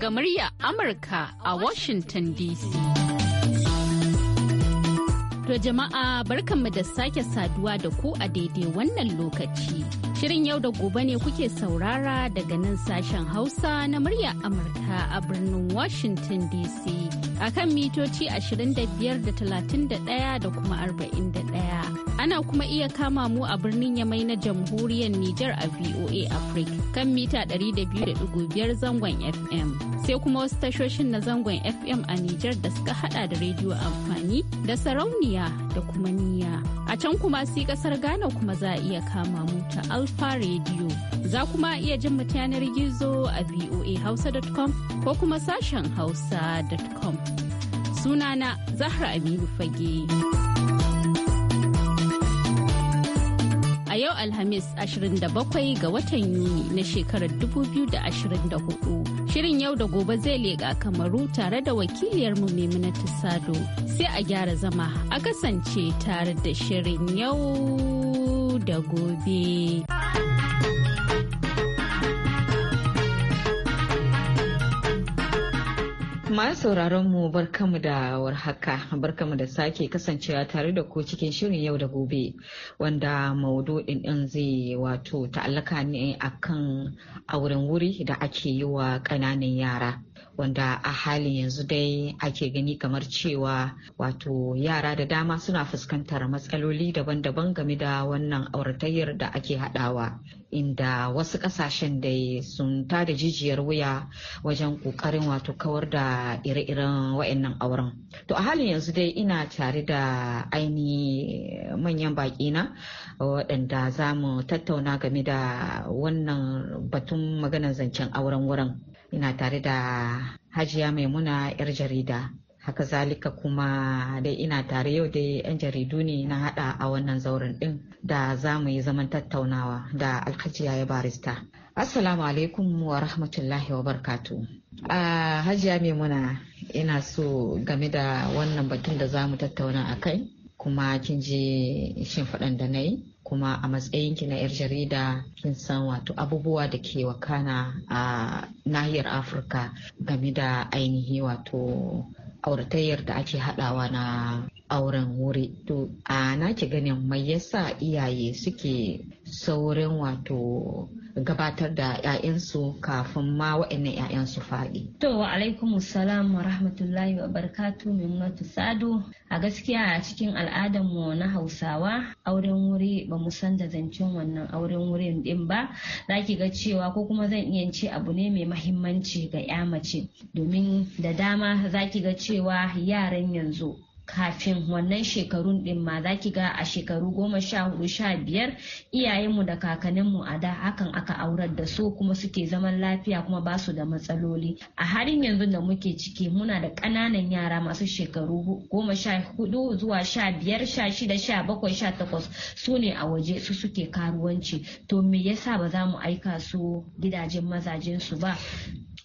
daga murya Amurka a Washington DC. To jama'a barkanmu da sake saduwa da ku a daidai wannan lokaci. Shirin yau da gobe ne kuke saurara daga nan sashen Hausa na murya Amurka a birnin Washington DC. A kan mitoci 25 da 31 da kuma 41. Ana kuma iya kama mu a birnin Yamai na jamhuriyar Nijar a VOA Africa kan mita 200.5 zangon FM. Sai kuma wasu tashoshin na zangon FM a Nijar da suka hada da rediyo amfani da sarauniya da kuma niya. A can kuma sai kasar Ghana kuma za a iya kama mu ta Alfa Radio. Za kuma iya jin mu yanar gizo a voahausa.com ko kuma sashen hausa.com. Sunana Zahra Aminu Fage. Alhamis 27 ga watan Yuni na shekarar 2024. Shirin yau da gobe zai leƙa kamaru tare da wakiliyarmu Maimunatu Sado. Sai a gyara zama a kasance tare da shirin yau da gobe. ma sauraron mu barkamu da warhaka barkamu da sake kasancewa tare da ku cikin shirin yau da gobe wanda maudu'in din zai wato ta'allaka ne akan auren wuri da ake yi wa ƙananan yara. wanda a halin yanzu dai ake gani kamar cewa wato yara da dama suna fuskantar matsaloli daban-daban game da wannan auratayyar da ake haɗawa inda wasu ƙasashen da sun tada jijiyar wuya wajen ƙoƙarin wato kawar da ire-iren wayannan auren to a halin yanzu dai ina tare da aini manyan baƙi na waɗanda za mu tattauna game da wannan batun maganar zancen auren wurin ina tare da hajiya maimuna yar jarida haka zalika kuma dai ina tare yau dai 'yan jaridu ne na hada a wannan zauren din da za mu yi zaman tattaunawa da alhajiya ya barista assalamu alaikum wa rahmatullahi wa barkatu a hajiya maimuna ina so game da wannan batun da za mu tattauna a kai kuma kin ji shin faɗan da na yi kuma a matsayinki na 'yar jarida kin san wato abubuwa da ke wakana a nahiyar afirka game da ainihi wato auratayyar da ake haɗawa na auren wuri to a naki ganin mai yasa iyaye suke saurin wato gabatar da 'ya'yansu kafin ma wa'annan 'ya'yan su faɗi. To wa alaikum salam wa rahmatullahi wa barkatu mimmatu sado a gaskiya a cikin al'adarmu na hausawa auren wuri ba mu san da zancen wannan auren wurin din ba za ki ga cewa ko kuma zan iya ce abu ne mai mahimmanci ga 'ya mace domin da dama za ki ga cewa yaran yanzu kafin wannan shekarun din ma za ki ga a shekaru goma sha hudu sha biyar iyayenmu da kakanninmu a da hakan aka aurar da su kuma suke zaman lafiya kuma ba su da matsaloli a harin yanzu da muke ciki muna da ƙananan yara masu shekaru goma sha hudu zuwa sha biyar sha shida sha bakwai sha takwas su ne a waje su suke karuwanci to me yasa ba za mu aika su gidajen mazajen su ba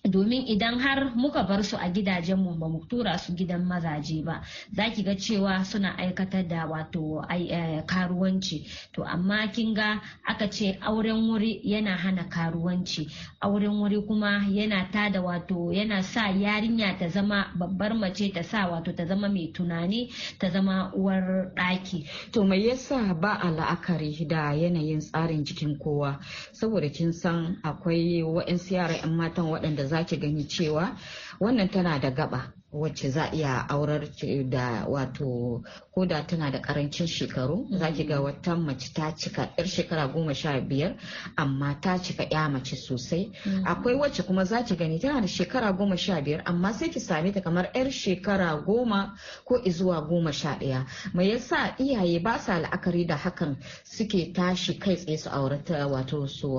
domin idan har muka bar su a gidajenmu ba mu tura su gidan mazaje ba za ki ga cewa suna aikatar da wato eh, karuwanci to amma kin ga aka ce auren wuri yana hana karuwanci auren wuri kuma yana ta da wato yana sa yarinya ta zama babbar mace ta sa wato ta zama mai tunani ta zama uwar ɗaki to me yasa ba a la'akari da yanayin tsarin jikin kowa saboda kin san akwai wa'yansu yara 'yan matan waɗanda za ki gani cewa wannan tana da gaba wacce za iya aurar da wato ko da tana da karancin shekaru za ki ga mm-hmm. wata mace ta cika yar shekara goma sha biyar amma ta cika ya mace sosai mm-hmm. akwai wacce kuma za ki gani tana da shekara goma sha biyar amma sai ki same ta kamar yar shekara goma ko izuwa goma sha ɗaya mai yasa iyaye ba sa la'akari da hakan suke tashi kai tsaye su aurata wato su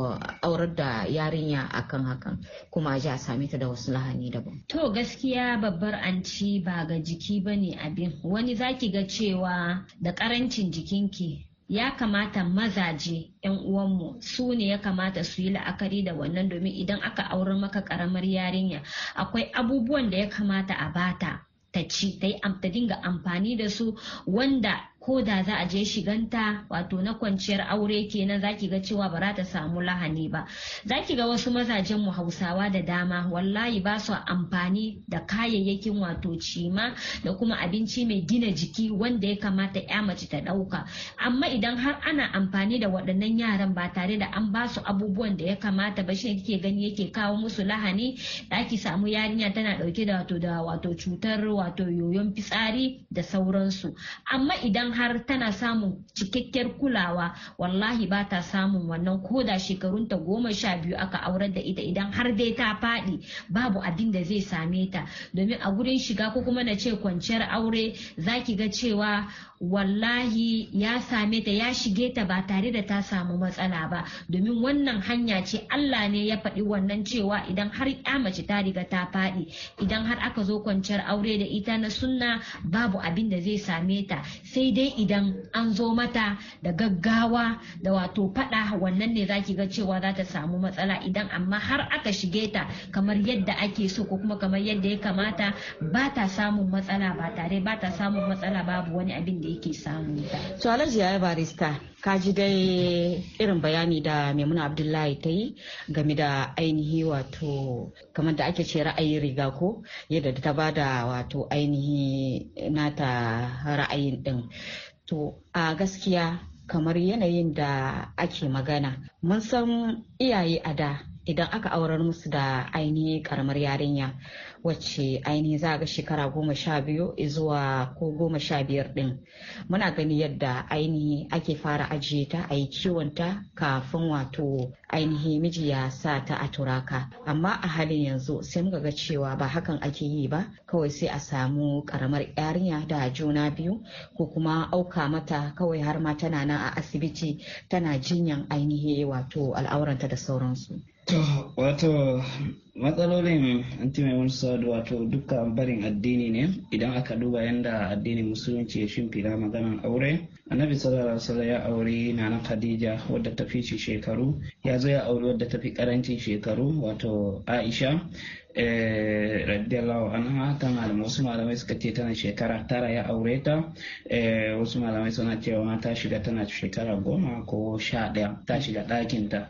aurar da yarinya akan hakan kuma a ji a same ta da wasu lahani daban to gaskiya babbar an ci ba ga jiki ba ne abin wani zaki ga cewa da karancin jikinki ya kamata mazaje 'yan uwanmu su ne ya kamata su yi la'akari da wannan domin idan aka aure maka karamar yarinya akwai abubuwan da ya kamata a bata ta ci ta dinga amfani da su wanda ko da za a je shiganta wato na kwanciyar aure kenan zaki ga cewa ba za ta samu lahani ba zaki ga wasu mazajen mu hausawa da dama wallahi ba su amfani da kayayyakin wato cima da kuma abinci mai gina jiki wanda ya kamata ya mace ta dauka amma idan har ana amfani da waɗannan yaran ba tare da an ba su abubuwan da ya kamata ba shi kike gani yake kawo musu lahani zaki samu yarinya tana dauke da wato da wato cutar wato yoyon fitsari da sauransu amma idan har tana samun cikakkiyar kulawa wallahi ba ta samun wannan ko shekarun shekarunta goma sha biyu aka aurar da ita idan har dai ta faɗi babu abin da zai same ta domin a gurin shiga ko kuma na ce kwanciyar aure za ki ga cewa wallahi ya same ta ya shige ta ba tare da ta samu matsala ba domin wannan hanya ce Allah ne ya faɗi wannan cewa idan har ya mace ta riga ta faɗi idan har aka zo kwanciyar aure da ita na sunna babu abin da zai same ta sai dai sai idan an zo mata da gaggawa da wato fada wannan ne zaki ga cewa za ta samu matsala idan amma har aka shige ta kamar yadda ake so ko kuma kamar yadda ya kamata ba ta samun matsala ba tare ba ta samun matsala babu wani abin da yake samu ta. To Alhaji ya barista ka ji dai irin bayani da Maimuna Abdullahi ta yi game da ainihi wato kamar da ake ce ra'ayin riga ko yadda ta ba da wato ainihi nata ra'ayin din. to a gaskiya kamar yanayin da ake magana mun san iyaye a da idan aka aurar musu da ainihi karamar yarinya wacce ainihi za ga shekara goma sha biyu zuwa ko goma sha biyar din muna gani yadda ainihi ake fara ajiye ta a yi kiwonta kafin wato ainihi miji ya sa ta a turaka amma a halin yanzu sai muka ga cewa ba hakan ake yi ba kawai sai a samu karamar yarinya da juna biyu ko kuma auka mata kawai har ma tana nan a asibiti tana jinyan ainihi wato al'auranta da sauransu To, wato matsalolin anti wani sadu wato dukkan barin addini ne idan aka duba yadda addinin musulunci ya shimfida maganan aure. Annabi sallallahu alaihi ya auri Nana Khadija wadda ta fi shekaru, ya zo ya auri wadda ta fi karancin shekaru wato Aisha. Eh, radiyallahu anha tana da wasu malamai suka ce tana shekara tara ya aure ta eh, wasu malamai suna cewa ta shiga tana shekara goma ko sha ɗaya ta shiga ɗakinta.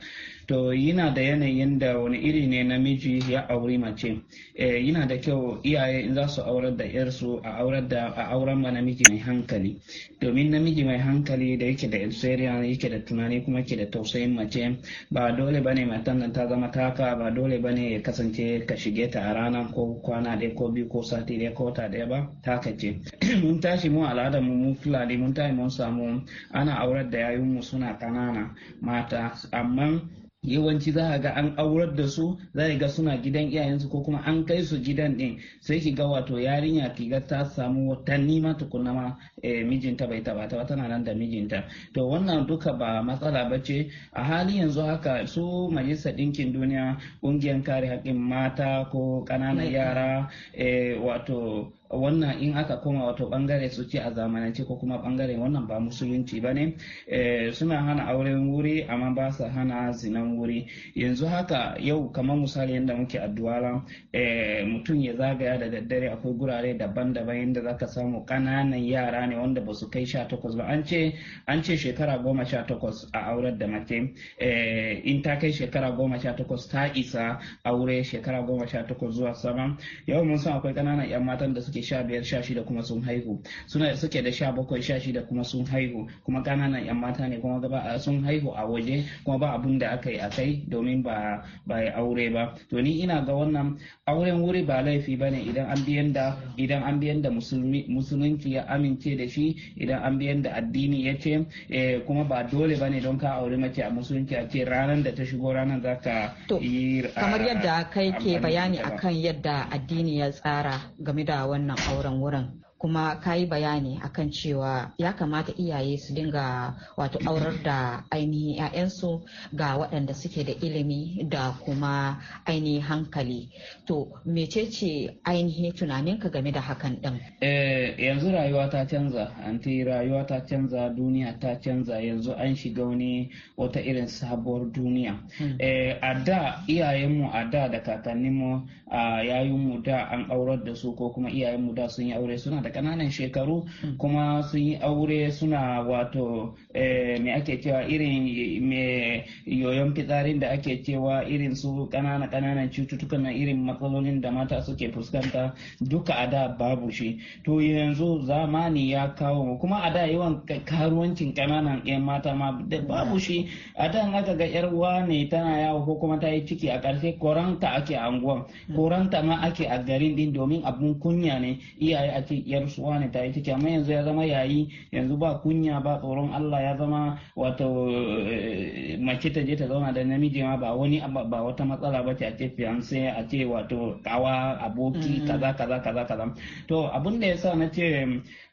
to yana da yanayin da wani iri ne namiji ya auri mace e yana da kyau iyaye za su aurar da yarsu a aurar da a auren ma namiji mai hankali domin namiji mai hankali da yake da elseriya yake da tunani kuma yake da tausayin mace ba dole bane matan nan ta zama taka ba dole bane ya kasance ka shige ta a rana ko kwana ɗaya ko biyu ko sati ɗaya ko wata ɗaya ba taka ce mun tashi mu al'adar mu mu fulani mun tashi mun samu ana aurar da yayun mu suna ƙanana mata amma yawanci za a ga an aurar da su za a ga suna gidan iyayensu ko kuma an kai su gidan din sai ki ga wato yarinya ki ga ta samu wata nima tukuna ma eh, mijinta bai taba ta tana nan da mijinta to wannan duka ba matsala ba ce a halin yanzu haka su majalisar ɗinkin duniya ƙungiyar kare haƙƙin mata ko ƙananan yara eh, wato wannan in aka koma wato bangare su ce a zamanance ko kuma bangare wannan ba musulunci ba ne eh, suna hana auren wuri amma ba su hana zinan wuri yanzu haka yau kamar misali yadda muke addu'a eh, mutum ya zagaya da daddare akwai gurare daban-daban yadda ka samu kananan yara ne wanda ba su kai sha takwas ba an ce shekara goma sha takwas a aurar da mace eh, in ta kai shekara goma sha takwas ta isa aure shekara goma sha takwas zuwa sama yau mun san akwai kananan 'yan matan da suke suke sha biyar sha shida kuma sun haihu suna da suke da sha bakwai sha shida kuma sun haihu kuma kananan yan mata ne kuma gaba sun haihu a waje kuma ba abun da aka yi a kai domin ba ba ya aure ba to ni ina ga wannan auren wuri ba laifi ba ne idan an biyan da idan an biyan da musulunci ya amince da shi idan an biyan da addini ya ce eh, kuma ba dole ba ne don ka aure mace a musulunci a ce ranar da ta shigo ranar za ka yi kamar yadda kai ke bayani akan yadda addini ya tsara game da wannan wannan auren wurin kuma ka yi bayani akan cewa ya kamata iyaye su dinga wato aurar da ainihin 'ya'yansu ga waɗanda suke da ilimi da kuma ainihin hankali to mecece ainihin ka game da hakan ɗin eh, yanzu rayuwa ta canza anti rayuwa ta canza duniya ta canza yanzu an shiga wani wata irin sabuwar duniya hmm. eh, a da iyayenmu a da da kakanninmu a yayinmu da an aurar da su ko kuma iyayenmu da sun yi aure suna da ƙananan shekaru hmm. kuma sun yi aure suna wato eh, me ake cewa irin me yoyon fitsarin da ake cewa irin su ƙanana ƙananan cututtukan na irin matsalolin da mata suke fuskanta duka a da babu shi to yanzu zamani ya kawo kuma a da yawan karuwancin ƙananan 'yan mata ma babu shi a da aka ga yar uwa ne tana yawo ko kuma ta yi ciki a ƙarshe koranta ake a anguwan hmm. koranta ma ake a garin din domin abun kunya ne iyaye a ce yar suwa ne ta yi ciki amma yanzu ya zama yayi yanzu ba kunya ba tsoron Allah ya zama wato eh, mace ta je ta zauna da namiji ma ba wani ba wata matsala ba ce a ce fiance a ce wato kawa aboki mm. kaza kaza kaza kaza to abin da yasa na ce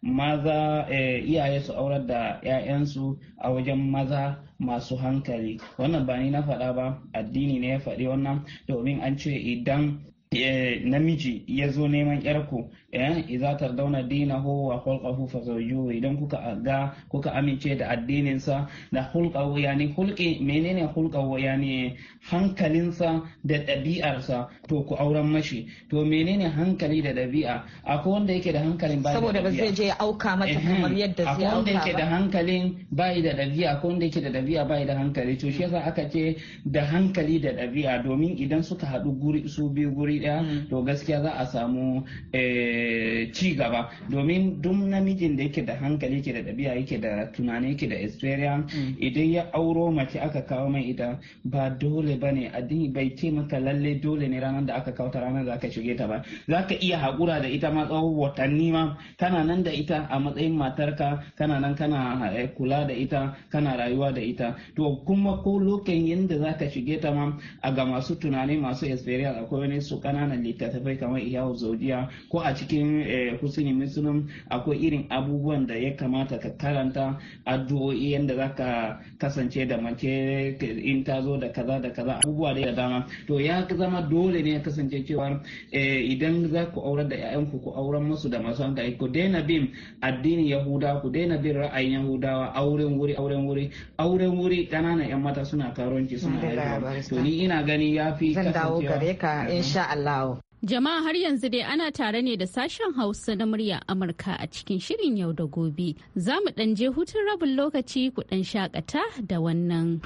maza eh, iyaye su aurar da 'ya'yansu a wajen maza masu hankali wannan ba ni na faɗa ba addini ne ya faɗi wannan domin an ce idan eh, namiji ya zo neman yar ku. Eh, idza tardawna dinahu wa khulquhu fazawjuhu idan kuka ga kuka amince da addininsa da hulqahu yani hulqi menene hulqahu yani hankalinsa da ɗabi'arsa to ku auren mashi to menene hankali da ɗabi'a akwai wanda yake da hankalin ba saboda ba zai je ya auka mata kamar yadda zai auka akwai wanda yake da hankalin bai da ɗabi'a akwai wanda yake da ɗabi'a bai da hankali to shi yasa aka ce da hankali da ɗabi'a domin idan suka haɗu guri su biyu guri ɗaya mm. to gaskiya za a samu eh, ci gaba domin duk namijin da yake da hankali yake da ɗabi'a yake da tunani yake da experience mm. idan ya auro mace aka kawo mai ita ba dole ba ne addini bai ce maka lalle dole ne ranar da aka kawo ta ranar da aka shige ta ba za ka iya haƙura da ita ma tsawon watanni ma kana nan da ita a matsayin matarka kana nan kana eh, kula da ita kana rayuwa da ita to kuma ko lokacin yadda za ka shige ta ma a ga masu tunani masu experience akwai wani su ƙananan littattafai kamar iyawu zodiya ko a cikin cikin eh, husni Musulun akwai irin abubuwan da ya kamata ka karanta addu'o'i yadda za ka kasance da mace in ta zo da kaza da kaza abubuwa da dama to ya zama dole ne ya kasance cewa eh, idan za ku aurar da 'ya'yanku ku auren musu da masu hankali ku daina bin addinin yahuda ku daina bin ra'ayin yahudawa auren wuri auren wuri auren wuri 'yan mata suna karonci suna haihuwa to ni ina gani ya fi zan dawo Jama'a har yanzu dai ana tare ne da sashen Hausa na murya Amurka a cikin shirin yau da gobe. Za mu ɗan je hutun rabin lokaci ku ɗan shakata da wannan.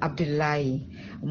abdullahi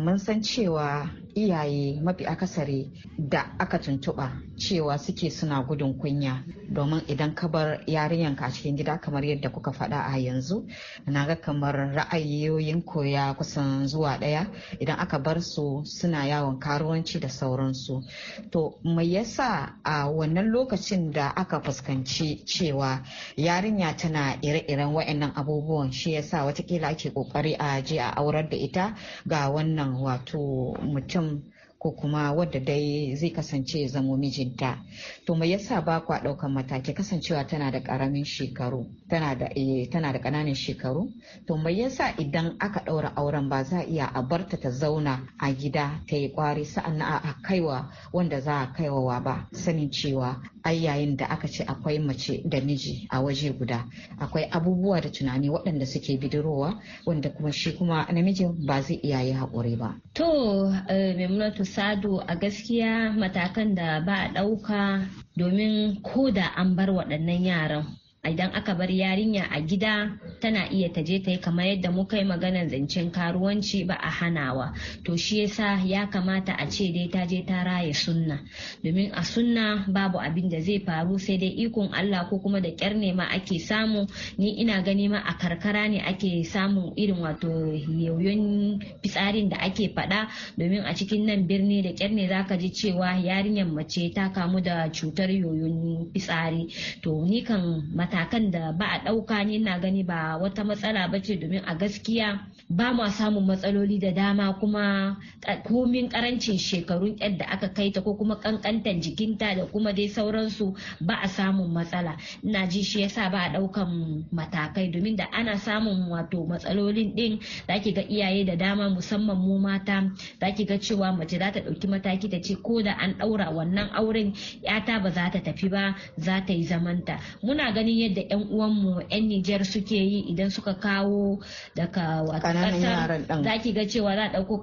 mun san cewa iyaye mafi akasari da aka tuntuɓa cewa suke suna gudun kunya domin idan ka bar yarinyanka a cikin gida kamar yadda kuka faɗa a yanzu na ga kamar ra'ayoyin koya kusan zuwa ɗaya idan aka bar su suna yawon karuwanci da sauransu to me yasa a wannan lokacin da aka fuskanci cewa yarinya tana ire-iren wa'annan abubuwan shi yasa watakila ake kokari a je a aurar da ita ga wannan wato mutum ko kuma wadda dai zai kasance ya zamo mijinta to mai yasa ba kwa daukan mataki kasancewa tana da karamin shekaru tana da eh, tana da ƙananan shekaru to mai yasa idan aka daura auren ba za iya a barta ta zauna a gida ta yi kwari sa'an a kaiwa wanda za a kaiwa ba sanin cewa ai yayin da aka ce akwai mace da miji a waje guda akwai abubuwa da tunani waɗanda suke bidirowa wanda kuma shi kuma namiji ba zai iya yi haƙuri ba. To eh, Maimunatu Sado a gaskiya matakan da ba a ɗauka domin ko da an bar waɗannan yaran idan aka bar yarinya a gida tana iya ta je ta yi kamar yadda muka yi maganar zancen karuwanci ba a hanawa to shi yasa ya kamata a ce dai ta je ta raya sunna domin a sunna babu abin da zai faru sai dai ikon Allah ko kuma da kyar ne ma ake samu ni ina gani ma a karkara ne ake samun irin wato yoyon fitsarin da ake faɗa domin a cikin nan birni da kyar ne zaka ji cewa yarinyar mace ta kamu da cutar yoyon fitsari to ni kan matakan da ba a ɗauka ne na gani ba wata matsala ba ce domin a gaskiya ba ma samun matsaloli da dama kuma komin karancin shekarun yadda aka kai ta ko kuma kankantan jikinta da kuma dai sauransu ba a samun matsala ina ji shi yasa ba a daukan matakai domin da ana samun wato matsalolin din zaki ga iyaye da dama musamman mu mata zaki ga cewa mace za ta dauki mataki ta ce ko da an daura wannan auren yata ba za ta tafi ba za ta yi zamanta muna ganin yadda yan uwanmu yan Nijar suke yi idan suka kawo daga ƙananan yaran ɗan za ki ga cewa za a ɗauko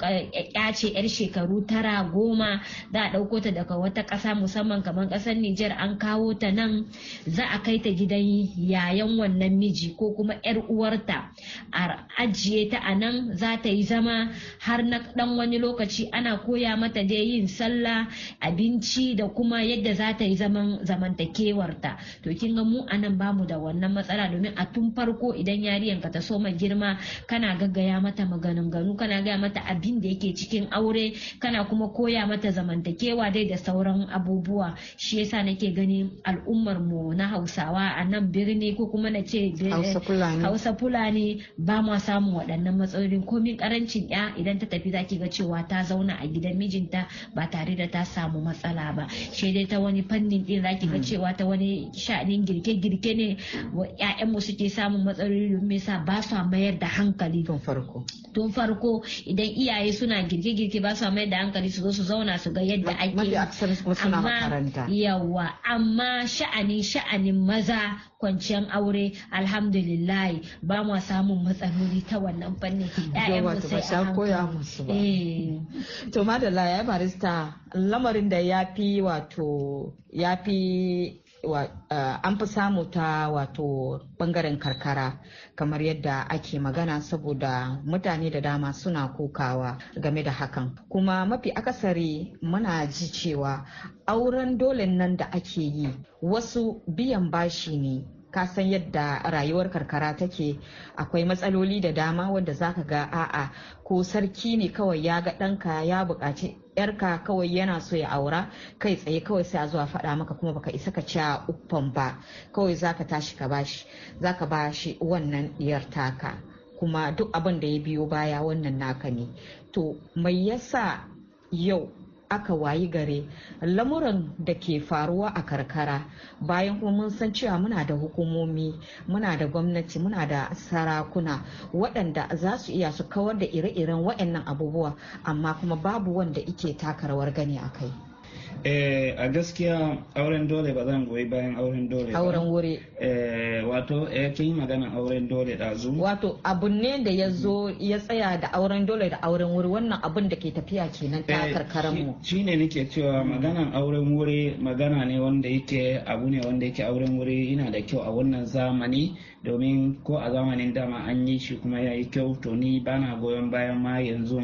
ce yar shekaru tara goma za a ɗauko ta daga wata ƙasa musamman kamar ƙasar Nijar an kawo ta nan za a kai ta gidan yayan wannan miji ko kuma yar uwarta a ajiye ta a nan za ta yi zama har na ɗan wani lokaci ana koya mata dai yin sallah abinci da kuma yadda za ta yi zaman zamantakewarta to kin ga mu a nan bamu da wannan matsala domin a tun farko idan yariyanka ta soma girma kana gaggaya gaya mata maganganu kana gaya mata abin da yake cikin aure kana kuma koya mata zamantakewa dai da sauran abubuwa shi yasa nake ganin al'ummar mu na hausawa a nan birni ko kuma na ce eh, hausa fulani ba ma samun waɗannan matsalolin komin karancin ya idan ta tafi zaki ga cewa ta zauna a gidan mijinta ba tare da ta samu matsala ba shi dai ta wani fannin din zaki ga cewa ta wani sha'anin girke-girke ne ya'yan mu suke samun matsaloli domin sa ba sa mayar da hankali farko tun farko idan iyaye suna girke-girke ba su mai da hankali su zo su zauna su ga yadda ake amma yawa amma sha'anin sha'anin maza kwanciyar aure alhamdulillah ba mu samun matsaloli ta wannan fannin ya'yan a koya musu ba eh. to madalla ya barista lamarin da ya fi wato ya fi Eh, an fi samu ta wato bangaren karkara kamar yadda ake magana saboda mutane da dama suna kokawa game da hakan kuma mafi akasari muna ji cewa auren dole nan da ake yi wasu biyan bashi ne ka san yadda rayuwar karkara take akwai matsaloli da dama wanda zaka ga a'a ko sarki ne kawai ya ga ɗanka ya buƙaci yarka kawai yana so ya aura kai tsaye kawai sai a zuwa faɗa maka kuma baka isa ka ci uffan ba kawai zaka tashi ka bashi zaka bashi wannan diyar taka kuma duk abin da ya biyo baya wannan naka ne to mai yasa yau aka wayi gare lamuran da ke faruwa a karkara bayan kuma mun san cewa muna da hukumomi muna da gwamnati muna da sarakuna waɗanda za su iya su kawar da ire-iren waɗannan abubuwa amma kuma babu wanda ike takarwar gani a kai Eh, a gaskiya auren dole ba zan goyi bayan auren dole ba. Auren wuri. Eh, wato eh, kin yi magana auren dole ɗazu. Wato abun ne da ya zo ya tsaya da auren dole da auren wuri wannan abun da ke tafiya kenan ta eh, karkaran mu. Shi ne nake cewa maganan auren wuri magana ne wanda yake abu ne wanda yake auren wuri yana da kyau a wannan zamani domin ko a zamanin dama an yi shi kuma ya yi kyau to ni bana goyon bayan ma yanzu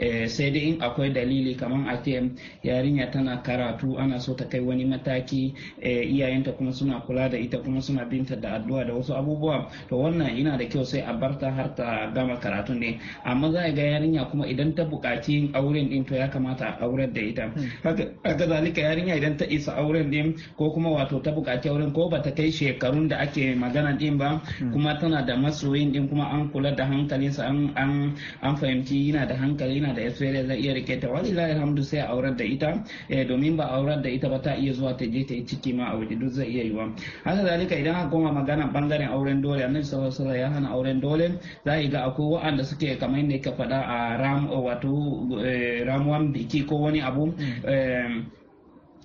eh, sai dai in akwai dalili kamar a ce yarinya tana karatu ana so ta kai wani mataki eh, iyayenta kuma suna kula da ita kuma suna binta da addu'a da wasu abubuwa to wannan ina da kyau sai a bar ta har ta gama karatu ne amma za a ga yarinya kuma idan ta buƙaci auren din to ya kamata a aurar da ita hmm. haka zalika yarinya idan ta isa auren din ko kuma wato ta buƙaci auren ko ba ta kai shekarun da ake magana din ba Mm. kuma tana da masoyin din kuma an kula da hankalinsa an fahimci yana da hankali yana da experience zai iya rike ta walilahi alhamdu sai aurar da ita eh, domin ba aurar da ita ba ta iya zuwa ta je ta yi ciki ma a waje duk zai iya yiwa haka zalika idan aka koma magana bangaren auren dole annabi sallallahu alaihi wasallam ya hana auren dole za ga akwai wa'anda suke kamar yadda ka faɗa a ram wato eh, ramuwan biki ko wani abu mm. eh,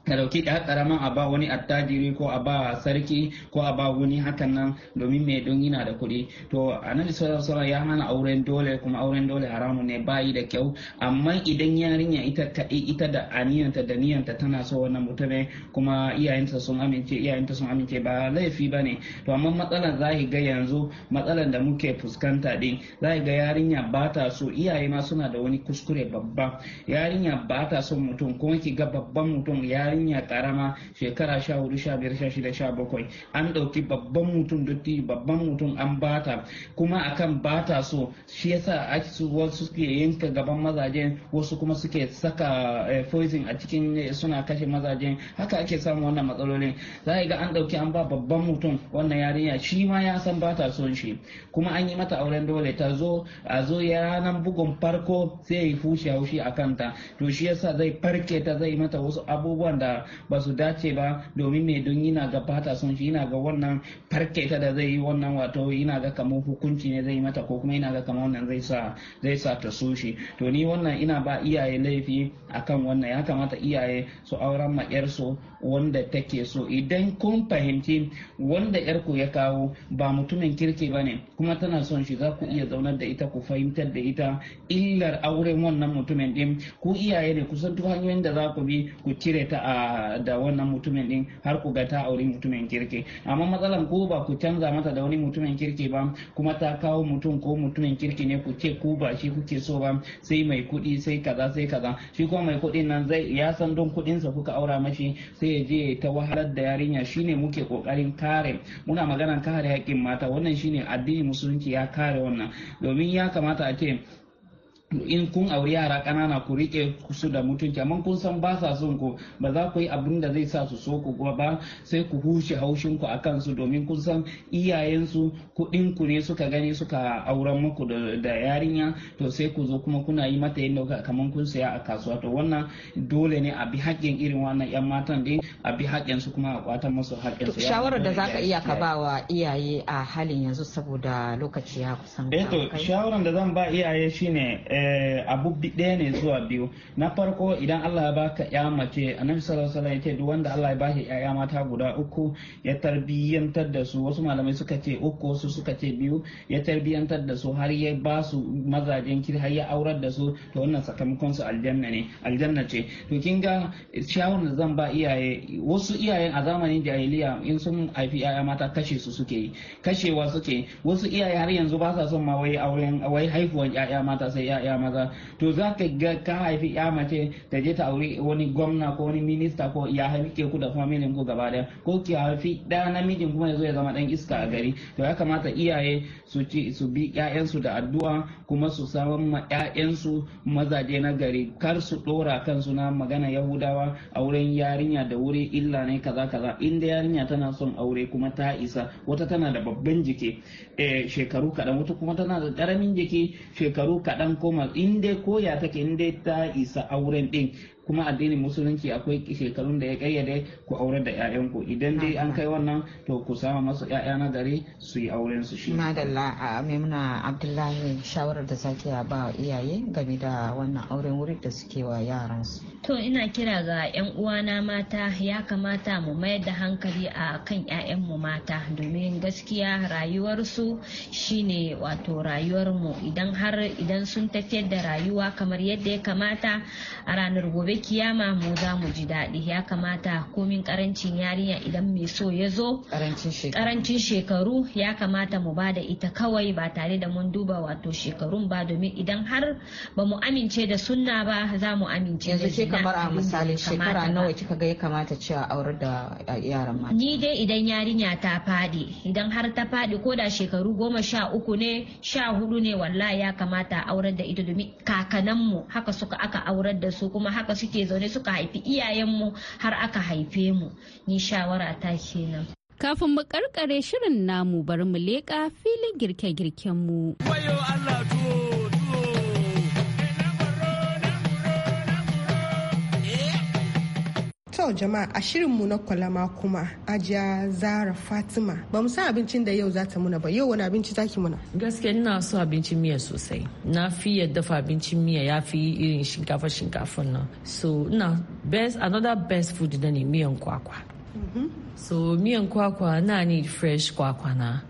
ka dauki ɗaya karama a ba wani attajiri ko a ba sarki ko a ba wani hakan nan domin mai don yana da kuɗi to a annabi sauran ya hana auren dole kuma auren dole haramun ne bayi da kyau amma idan yarinya ita kaɗai ita da aniyanta da niyanta tana so wannan mutumin kuma iyayenta sun amince iyayenta sun amince ba laifi ba ne to amma matsalar za ga yanzu matsalar da muke fuskanta din za ga yarinya ba ta so iyaye ma suna da wani kuskure babba yarinya ba ta son mutum kuma ki ga babban mutum yarinya hanya karama shekara sha hudu sha biyar sha shida sha bakwai an ɗauki babban mutum dotti babban mutum an bata kuma akan bata so shi yasa wasu suke yanka gaban mazajen wasu kuma suke saka eh, poison a cikin eh, suna kashe mazajen haka ake samu wannan matsalolin za ga an ɗauki an ba babban mutum wannan yarinya shi ma ya san bata son shi kuma an yi mata auren dole ta zo a zo ya ranar bugun farko sai ya fushi haushi a kanta to shi yasa zai farke ta zai mata wasu abubuwan da ba su dace ba domin me don yana ga fata sun shi yana ga wannan farketa da zai yi wannan wato yana ga kamar hukunci ne zai mata ko kuma yana ga kamar wannan zai sa zai sa ta so to ni wannan ina ba iyaye laifi akan wannan ya kamata iyaye su auren ma su. wanda take so idan kun fahimci wanda yarku ya kawo ba mutumin kirki ba ne kuma tana son shi za ku iya zaunar da ita ku fahimtar da ita illar auren wannan mutumin din ku iyaye ne kusan duk hanyoyin da za ku bi ku cire ta a da wannan mutumin din har ku ga ta auri mutumin kirki amma matsalan ko ba ku canza mata da wani mutumin kirki ba kuma ta kawo mutum ko mutumin kirki ne ku ce ku ba shi kuke so ba sai mai kuɗi sai kaza sai kaza shi kuma mai kuɗin nan zai ya san don kuɗinsa kuka aura mashi sai zai je ta wahalar da yarinya shine muke kokarin kare muna maganar kare haƙƙin mata wannan shine addinin musulunci ya kare wannan domin ya kamata a ce in kun auri yara ƙanana ku rike su da mutunci amma kun san ba sa son ku ba za ku yi abin da zai sa su so ku ba sai ku hushe haushin ku akan su domin kun san iyayensu kuɗin ku ne suka gani suka auren muku da yarinya to sai ku zo kuma kuna yi mata dauka kamar kun saya a kasuwa to wannan dole ne a bi haƙƙin irin wannan yan matan din a bi haƙƙin su kuma a kwata musu haƙƙin su shawarar da zaka iya ka ba wa iyaye a halin yanzu saboda lokaci ya kusan eh to shawarar da zan ba iyaye shine eh, Eh, abubbi ɗaya ne zuwa biyu na farko idan Allah ya baka ya mace annabi sallallahu alaihi wasallam duk wanda Allah ya bashi ya mata guda uku ya tarbiyyantar da su wasu malamai suka ce uku wasu suka ce biyu ya tarbiyyantar da su har ya ba su mazajen kiri har ya aurar da su to wannan sakamakon su aljanna ne aljanna ce to kin ga shawarar da zan ba iyaye wasu iyayen a zamanin jahiliya in sun haifi ya mata kashe su suke yi kashewa suke wasu iyaye har yanzu ba sa son ma wai auren wai haihuwan ya mata sai ya ya maza to za ka ga ka haifi 'ya mace ta je ta auri wani gwamna ko wani minista ko ya haifi ku da familin ku gaba daya ko ki haifi da namijin kuma ya zo ya zama ɗan iska a gari to ya kamata iyaye su ci su bi 'ya'yansu da addu'a kuma su samar ma 'ya'yansu mazaje na gari kar su ɗora kansu na magana yahudawa a wurin yarinya da wuri illa ne kaza kaza inda yarinya tana son aure kuma ta isa wata tana da babban jiki eh, shekaru kaɗan wata kuma tana da ƙaramin jiki shekaru kaɗan ko in dai koya take in dai ta isa auren din kuma addinin musulunci akwai shekarun da ya kayyade ku aure da 'ya'yanku idan dai an kai wannan to ku sama masu 'ya'ya na gari su yi auren su shi madalla a abdullahi shawarar da zaki ba iyaye game da wannan auren wuri da suke wa yaran su to ina kira ga 'yan uwana mata ya kamata mu mayar da hankali a kan 'ya'yan mu mata domin gaskiya rayuwarsu shine wato rayuwarmu idan har idan sun tafiyar da rayuwa kamar yadda ya kamata a ranar gobe kiyama mu za mu ji daɗi ya kamata komin karancin yarinya idan mai so ya zo karancin shekaru ya kamata mu ba da ita kawai ba tare da mun duba wato shekarun ba domin idan har ba mu amince da sunna ba za mu amince da yanzu ke kamar a misali shekara nawa kika ga ya kamata cewa aurar da yaran mata ni dai idan yarinya ta faɗi idan har ta faɗi ko da shekaru goma sha uku ne sha hudu ne wallahi ya kamata aurar da ita domin kakananmu haka suka aka aurar da su kuma haka suke zaune suka haifi iyayenmu har aka haife mu ni shawara ta kenan kafin mu karkare shirin namu bari mu leƙa filin girke-girkenmu. Wayo Allah To jama'a a shirinmu na kwalama kuma ajiya Zara Fatima ba mu san abincin da yau za ta muna ba yau wani abinci zaki muna. Gaskiya ina so abincin miya sosai. Na fi dafa abincin miya ya fi irin shinkafa shinkafa nan. So ina best another best food da ne miyan kwakwa. Mm-hmm. So miyan kwakwa na ni fresh kwakwa na.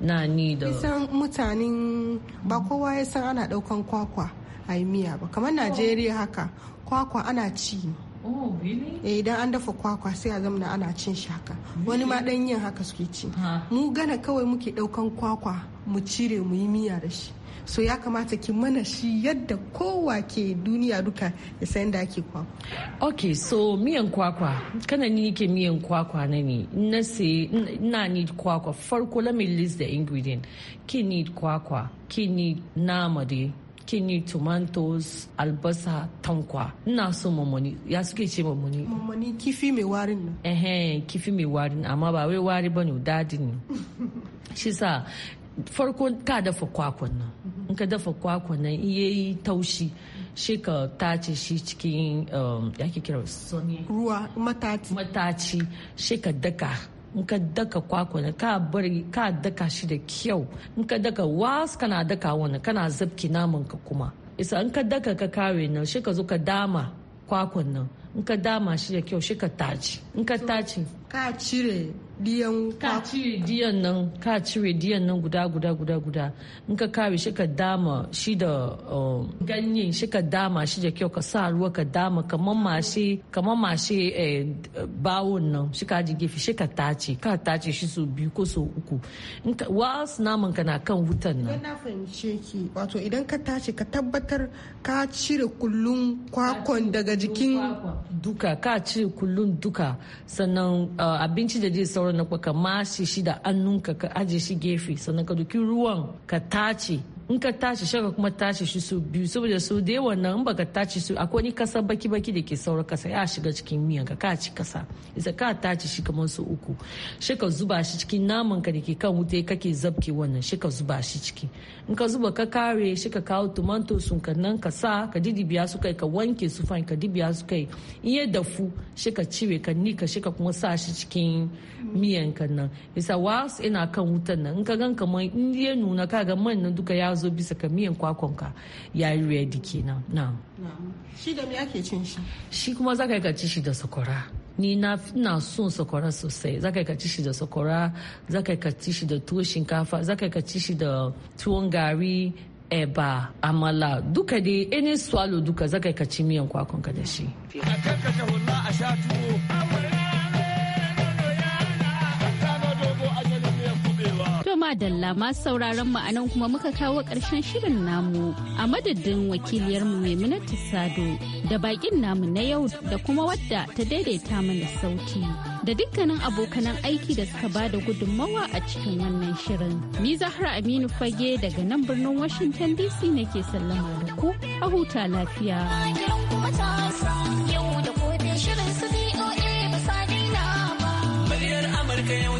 Na da uh, Nisan mutanen ba kowa ya san ana daukan kwakwa a miya ba. Kamar oh. Najeriya haka kwakwa ana ci. Oh, eh, idan an dafa kwakwa sai a zamana ana cin shi haka wani ma dan yin haka suke ci mu gana kawai muke daukan kwakwa mu cire mu yi miya da shi so ya kamata ki mana shi yadda kowa ke duniya duka ya san da ake kwakwa ok so miyan kwakwa kana ni ke miyan kwakwa na ne na na need kwakwa farko let me list the ingredient ki need kwakwa ki need nama kini tomatoes albasa tankwa ina so mamoni ya suke ce mamoni mamoni kifi mai wari nan eh kifi mai warin amma ba wai wari bane dadin shi sa farko ka dafa kwakwan nan in ka dafa kwakwan nan iya yi taushi shi ka tace shi cikin um, ya ke kira ruwa mataci mataci shi ka daka in ka daka ne ka bari ka daka shi da kyau in ka daka was kana daka wani kana zabki naman ka kuma isa in ka daka ka kare nan shi ka zo ka dama kwakwan nan in ka dama shi da kyau shi ka taci in ka taci ka cire diyan ka cire diyan nan ka cire diyan nan guda guda guda guda in ka kare shi ka dama shi da um, ganye shi ka dama shi da kyau ka sa ruwa ka dama kamar mashe kamar mashe eh, bawon nan shi ka ji gefe shi ka tace ka tace shi su biyu ko su uku wa naman ka na kan wutan nan na fahimce ki wato idan ka tace ka tabbatar ka cire kullun kwakwan daga jikin duka ka cire kullun duka sannan ah, abinci da zai sauran na ka mashi shi da annunka ka aje shi gefe sannan ka duki ruwan ka tace in ka tashi shaka kuma tashi shi su biyu saboda su da yawan nan in baka tashi su akwai ni kasa baki baki da ke saura kasa ya shiga cikin miyan ka ka ci kasa isa ka tashi shi kamar su uku shi ka zuba shi cikin naman ka da ke kan wuta kake zabke wannan shi zuba shi ciki in ka zuba ka kare shi ka kawo tumanto sun ka nan ka sa ka biya su kai ka wanke su fine ka dibiya su kai in ya dafu shi cire ka ni shi ka kuma sa shi cikin miyan ka nan isa wasu ina kan wutan nan in ka gan kamar in ya nuna ka ga man nan duka ya zo bisa ka miyan ka ya yi ready kenan na shi da me cin shi shi kuma za ka ci shi da sakwara ni na ina son sakwara sosai za ka ci shi da sakwara za ka ci shi da tuwo shinkafa za ka ci shi da tuwon gari eba amala duka dai any swallow duka za ka ci miyan ka da shi a tuwo madalla masu sauraron mu nan kuma muka kawo ƙarshen shirin namu a madadin wakiliyarmu Maimunatu Sado da bakin namu na yau da kuma wadda ta daidaita mana sauti da dukkanin abokanan aiki da suka bada gudummawa a cikin wannan shirin. Ni Zahra Aminu Fage daga nan birnin Washington DC nake sallama da ku a huta lafiya. Yau da shirin su ba. Amurka yau